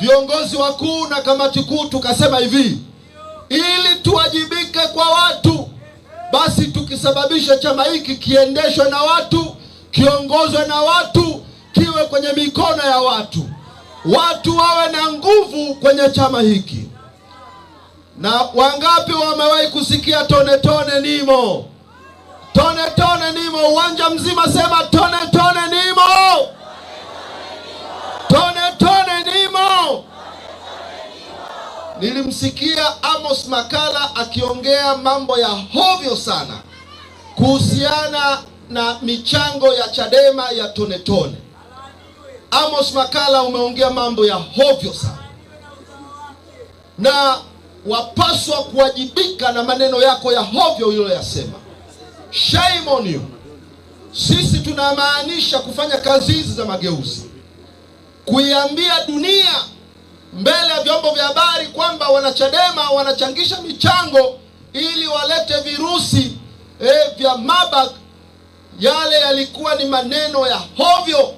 viongozi wakuu na kamati kuu tukasema hivi, ili tuwajibike kwa watu, basi tukisababisha chama hiki kiendeshwe na watu, kiongozwe na watu, kiwe kwenye mikono ya watu, watu wawe na nguvu kwenye chama hiki. Na wangapi wamewahi kusikia tone tone nimo, tone tone nimo? Uwanja mzima sema nilimsikia Amos Makala akiongea mambo ya hovyo sana kuhusiana na michango ya Chadema ya tone tone. Amos Makala, umeongea mambo ya hovyo sana, na wapaswa kuwajibika na maneno yako ya hovyo uliyoyasema. Shame on you. Sisi tunamaanisha kufanya kazi hizi za mageuzi, kuiambia dunia vya habari kwamba wanachadema wanachangisha michango ili walete virusi eh, vya Marburg. Yale yalikuwa ni maneno ya hovyo.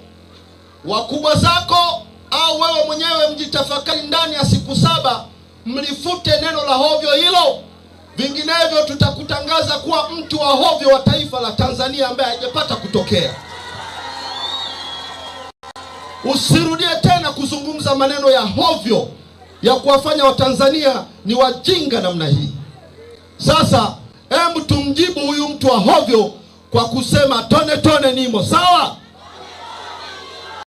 Wakubwa zako au wewe mwenyewe mjitafakari ndani ya siku saba, mlifute neno la hovyo hilo, vinginevyo tutakutangaza kuwa mtu wa hovyo wa taifa la Tanzania ambaye hajapata kutokea. Usirudie tena kuzungumza maneno ya hovyo ya kuwafanya Watanzania ni wajinga namna hii. Sasa hebu tumjibu huyu mtu wa hovyo kwa kusema tone tone nimo sawa.